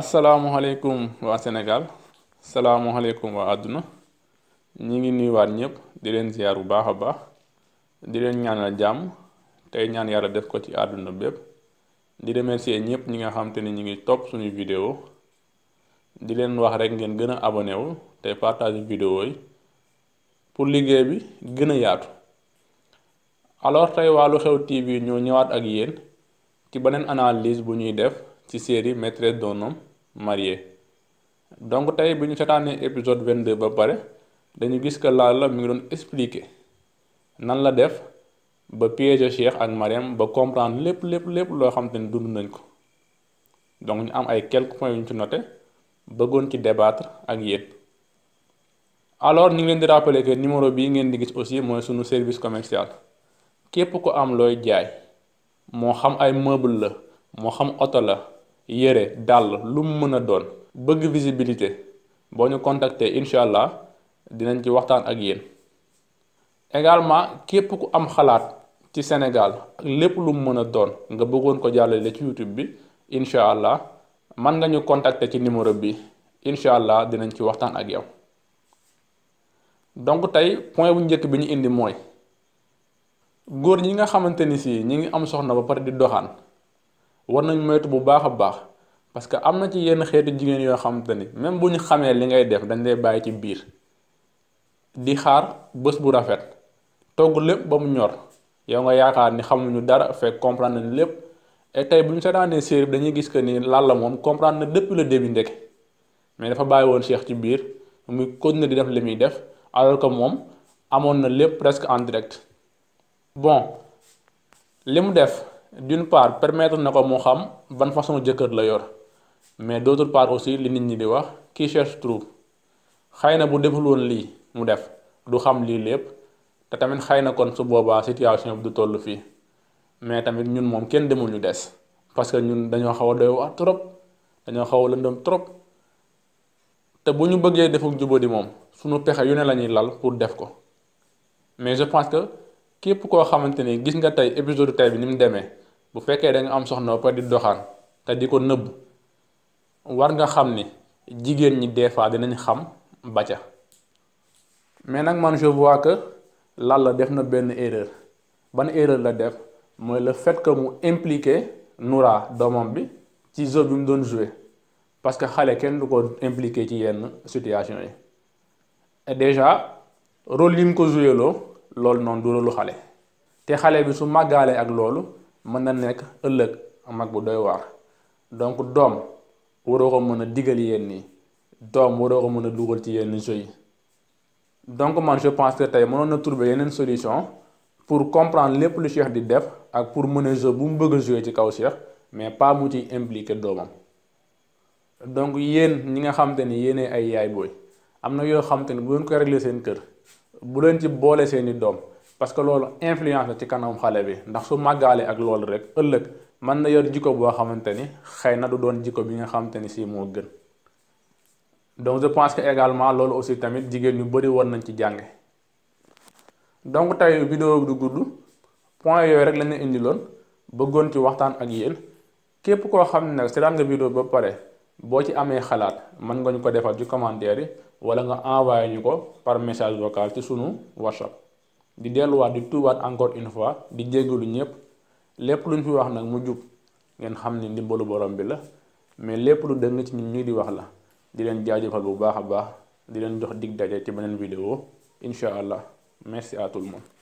asalaamualeykum waa Sénégal salaamualeykum waa àdduna ñi ngi nuyuwaat ñëpp di leen ziar bu baax a baax di leen ñaanal jàmm tey ñaan yàlla def ko ci àdduna bépp di remercier ñëpp ñi nga xam te ni ñu ngi topp suñu vidéo di leen wax rek ngeen gën a abonné wu tey partage vidéo yi pour liggéey bi gën a yaatu alors tey waa Lu Xew TV ñoo ñëwaat ak yéen ci beneen analise bu ñuy def ci série maîtresse d'un homme marié donc tey bu ñu seetaanee épisode 22 ba pare dañu gis que la mi ngi doon expliquer nan la def ba piéger Cheikh ak Mariam ba comprendre lépp lépp lépp loo xam te ne dund nañ ko donc ñu am ay quelques points ñu ci noté bëggoon ci débattre ak yéen. alors ñu ngi leen di rappeler que numéro bii ngeen di gis aussi mooy sunu service commercial képp ku am looy jaay moo xam ay meuble la moo xam oto la. yére dàll lu mu mën a doon bëgg visibilité boo ñu contacter incha allah dinañ ci waxtaan ak yéen également képp ku am xalaat ci Sénégal lépp lu mu mën a doon nga bëggoon ko jàllale ci YouTube bi incha allah mën nga ñu contacter ci numéro bi incha allah dinañ ci waxtaan ak yow donc tey point bu njëkk bi ñu indi mooy góor ñi nga xamante ni si ñi ngi am soxna ba pare di doxaan. war nañ moytu bu baax a baax parce que am na ci yenn xeetu jigéen yoo xamante ni même bu ñu xamee li ngay def dañ lay bàyyi ci biir di xaar bés bu rafet togg lépp ba mu ñor yow nga yaakaar ni xamuñu dara fekk comprendre nañ lépp et tey bu ñu seetaanee série bi dañuy gis que ni la moom comprendre na la le début ndeke mais dafa bàyyi woon Cheikh ci biir muy continuer di def li muy def alors que moom amoon na lépp presque en direct bon li mu def. d'une part permettre na ko mu xam ban façon jëkkër la yor mais d' autre part aussi li nit ñi di wax qui cherche trouve xëy na bu deful woon lii mu def du xam lii lépp te tamit xëy na kon su boobaa situation bi du toll fii mais tamit ñun moom kenn demul ñu des parce que ñun dañoo xaw a doy waar trop dañoo xaw a lëndëm trop te bu ñu bëggee defuk jubadi moom suñu pexe yu ne la ñuy lal pour def ko mais je pense képp koo xamante ni gis nga tey épisode tey bi ni mu demee bu fekkee danga am soxna ba di doxaan te di ko nëbb war nga xam ni jigéen ñi des fois dinañ xam ba ca mais nag man je vois que Lalla def na benn erreur ban erreur la def mooy le fait que mu impliqué Noura doomam bi ci jeu bi mu doon joué parce que xale kenn du ko impliqué ci yenn situation yi et déjà rôle yi mu ko joué loolu noonu du loolu xale te xale bi su màggaalee ak loolu mën na nekk ëllëg mag bu doy waar donc doom waroo ko mën a digal yéen nii doom waroo ko mën a dugal ci yenn jeux yi donc man je pense que tey mënoon na trouver yeneen solution pour comprendre lépp lu Cheikh di def ak pour mën a jeu bu mu bëgg a jouer ci kaw Cheikh mais pas mu ci impliqué doomam donc yéen ñi nga xam ni yéenee ay yaay booy am na yoo xam ni bu ngeen ko réglé seen kër bu leen ci boole seeni doom parce que loolu influence la ci kanam xale bi ndax su màggaale ak loolu rek ëllëg mën na yor jikko boo xamante ni xëy na du doon jikko bi nga xamante ni si moo gën donc je pense que également loolu aussi tamit jigéen ñu bëri war nañ ci jànge donc tey vidéo du gudd point yooyu rek lañu indiloon bëggoon ci waxtaan ak yéen képp koo xam ne nag seetaan nga vidéo ba pare boo ci amee xalaat mën nga ñu ko defal ci commentaire yi wala nga envoyé ñu ko par message vocal ci sunu whatsapp di delluwaat di tuubaat encore une fois di jéggalu ñëpp lépp lu ñu fi wax nag mu jub ngeen xam ni ndimbalu borom bi la mais lépp lu dem dëng ci ñu ñii di wax la di leen jaajëfal bu baax a baax di leen jox dig daje ci beneen vidéo incha allah merci atul tout